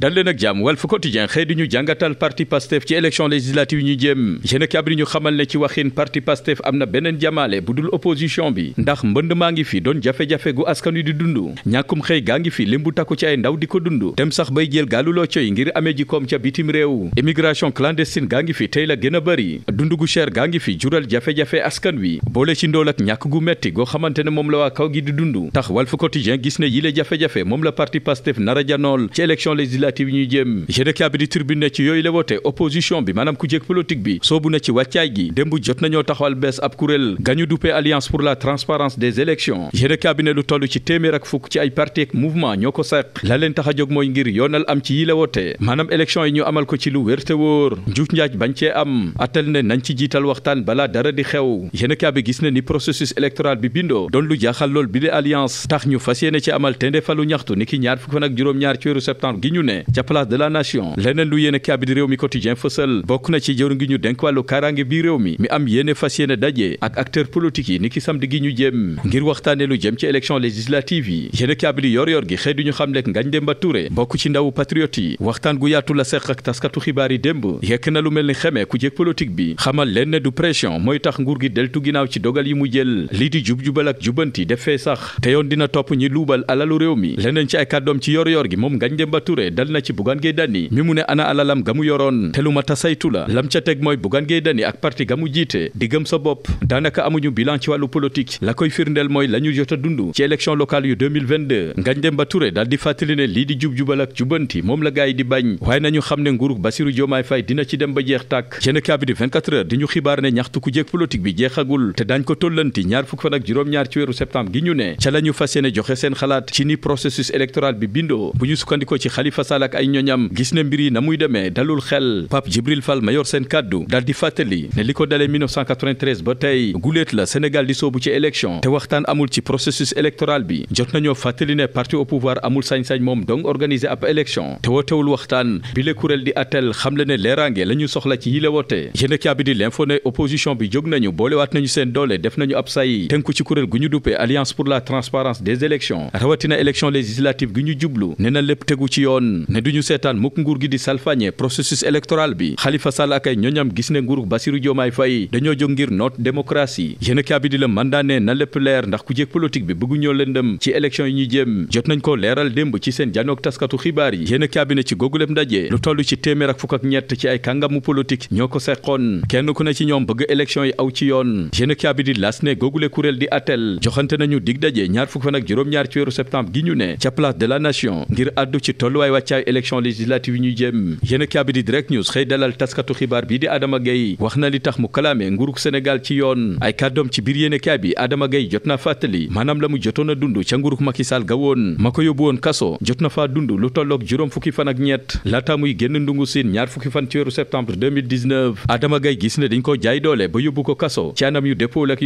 dal leen ak jàmm Walf Quotidien xëy di ñu jàngatal parti Pastef ci élection législative ñu jëm yéen a ñu xamal ne ci waxin parti Pastef am na beneen jamaale bu dul opposition bi ndax mbënd maa ngi fi doon jafe-jafe gu askan wi di dund ñàkkum xëy gaa ngi fi lim bu takku ci ay ndaw di ko dund dem sax bay jël gaaluloo coy ngir amee jikoom ca bitim réew immigration clandestine gaa ngi fi tey la gën a bëri dund gu cher gaa ngi fi jural jafe-jafe wi boole ci ndool ak ñàkk gu metti goo xamante ne moom la waa kaw gi di dund tax Walf Quotidien gis ne yile la parti Pastef nar a janool ci élection législative yi ñuy jëm yéenekaay bi di Tribune ne ci yooyu la wote opposition bi maanaam ku jéeg politique bi soobu na ci wàccaay gi démb jot nañoo taxawal bees ab kuréel gañu duppee alliance pour la transparence des élections yéenekaay bi ne lu toll ci téeméer ak fukk ci ay parti mouvement ñoo ko seq la tax a jóg mooy ngir yoonal am ci yi la wote maanaam élection yi ñu amal ko ci lu wérte wóor njuuj njaaj bañ cee am atal ne nañ ci jiital waxtaan balaa ne ca place de la nation leneen lu yéene kaabi réew mi quotidien fësal bokk na ci jëwriñ gi ñu denk wàllu kaaraange bii réew mi mi am yéene fas yéene daje ak acteur politique yi niki samedi gi ñu jëm ngir waxtaane lu jëm ci élection législative yi yéene kaabi di yor yor gi xëy duñu xam lekk ngañ Demba Touré bokk ci ndawu patriote yi waxtaan gu yaatu la seq ak taskatu xibaar yi démb yekk na lu mel ni xemee ku jég politique bi xamal leen du pression mooy mi leneen dal na ci Bougane Gueye Dany mi mu ne ana alalam ga mu yoroon te lu mat a saytu la lam ca teg mooy Bougane Gueye Dany ak parti ga jiite di sa bopp daanaka amuñu bilan ci wàllu politique la koy firndeel mooy la ñu dund ci élection yu 2022 Ngagne Demba Touré daal fàttali ne lii di jub ak jubanti moom la gaay di bañ waaye nañu xam ne nguurug Bassirou Diomaye Faye dina ci dem ba jeex tàkk yéenekaay bi di ñu xibaar ne ñaxtu ku jéeg bi jeexagul te daañ Sall ak ay ñoñam gis ne mbir yi na muy demee dalul xel Pape Djibril Fall ma yor seen kàddu daal di fàttali ne li ko dalee 1993 ba tey guléet la Sénégal di soobu ci élection te waxtaan amul ci processus électoral bi jot nañoo fàttali ne parti au pouvoir amul sañ-sañ moom dong organiser ab élection te wootewul waxtaan bi le kuréel di atel xam le ne leeraange la ñu soxla ci yile wote yéen a bi di l'info opposition bi jóg nañu boolewaat nañu seen doole def nañu ab say ci kuréel gu ñu duppee alliance pour la transparence des élections rawatina élection législative gi ñu jublu nee yoon yoon ne duñu seetaan mukk nguur gi di salfañe processus électoral bi Khalifa Sall ak ay ñoñam gis ne nguur Bassirou Diomaye Faye dañoo jóg ngir noot démocratie yéena kaa bi mandaane na lépp leer ndax ku jéeg politique bi bëggu ñoo lëndëm ci élection yi ñuy jëm jot nañ ko leeral démb ci seen janook taskatu xibaar yi yéena kaa bi ne ci googuléb ndaje lu toll ci téeméer ak fukk ak ñett ci ay kàngamu politique ñoo ko seqoon kenn ku ne ci ñoom bëgg élection yi aw ci yoon yéena kaa di las ne googule kuréel di atel joxante nañu dig daje ñaar fukk fan ak juróom-ñaar ci weeru la wàccaay élection législative yi ñu jëm yéen a kaabi di direct news xëy dalal taskatu xibaar bi di Adama Gaye wax na li tax mu kalaame nguurug Sénégal ci yoon ay kàddoom ci biir yéen a kaabi Adama Gaye jot naa fàttali maanaam la mu jotoon a dund ca nguurug Macky Sall ga woon ma ko yóbbu woon kaso jot na faa dund lu tolloog juróom fukki fan ak ñett laata muy génn ndungu siin ñaar fukki fan ci weeru septembre 2019 Adama Gaye gis ne dañ ba yóbbu ko kaso ci anam yu déppool ak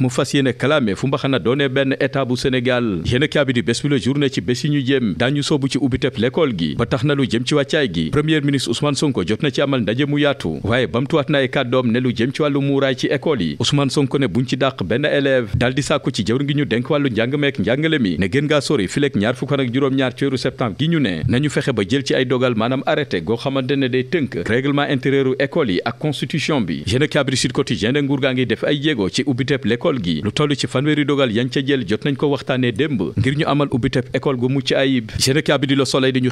mu fas yéene kalaame fu mbaxana doone benn état bu Sénégal yéen a kaabi di bés bi la journée ci bés yi ñu jëm dañu soobu ci ubbiteb l'école école ba tax na lu jëm ci wàccaay gi premier ministre Ousmane Sonko jot na ci amal ndaje mu yaatu waaye bamtuwaat na ay kàddoom ne lu jëm ci wàllu muuraay ci école yi Ousmane Sonko ne buñ ci dàq benn élève daal di ci jëwr ngi ñu denk wàllu njàng njàngale mi ne gën ngaa sori fileek ñaar fukk ak juróom-ñaar ci septembre gi ñu ne nañu fexe ba jël ci ay dogal maanaam arrêté goo xamante ne day tënk règlement intérieuru école yi ak constitution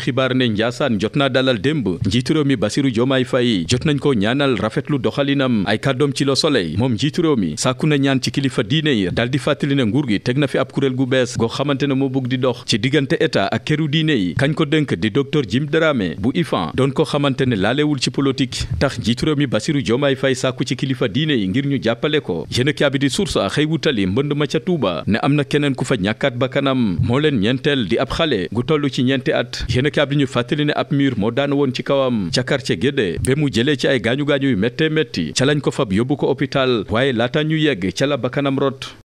xibaar ne Njaasaan jot naa dalal démb njiitu réew mi Basiru Jomaay Fay jot nañ ko ñaanal rafetlu doxalinam ay kàddoom ci Le Soleil moom njiitu réew mi sàkku na ñaan ci kilifa diine yi dal fàttali ne nguur gi teg na fi ab kuréel gu bees goo xamante ne moo bëgg di dox ci diggante état ak këru diine yi kañ ko dënk di docteur Jim Dramé bu IFAN doon ko xamante ne laalewul ci politique tax njiitu réew mi Basiru Jomaay Fay sàkku ci kilifa diine yi ngir ñu jàppale ko a bi di source ma ca Tuuba ne am na keneen ku fa ñàkkaat bakkanam moo di ab xale gu toll ci bi ñu fàttali ne ab miir moo daan woon ci kawam ca quartier Guédé ba mu jëlee ci ay gaañu-gaañu yu méttee métti ca lañ ko fab yóbbu ko hôpital waaye laata ñu yegg ca la bakkanam rot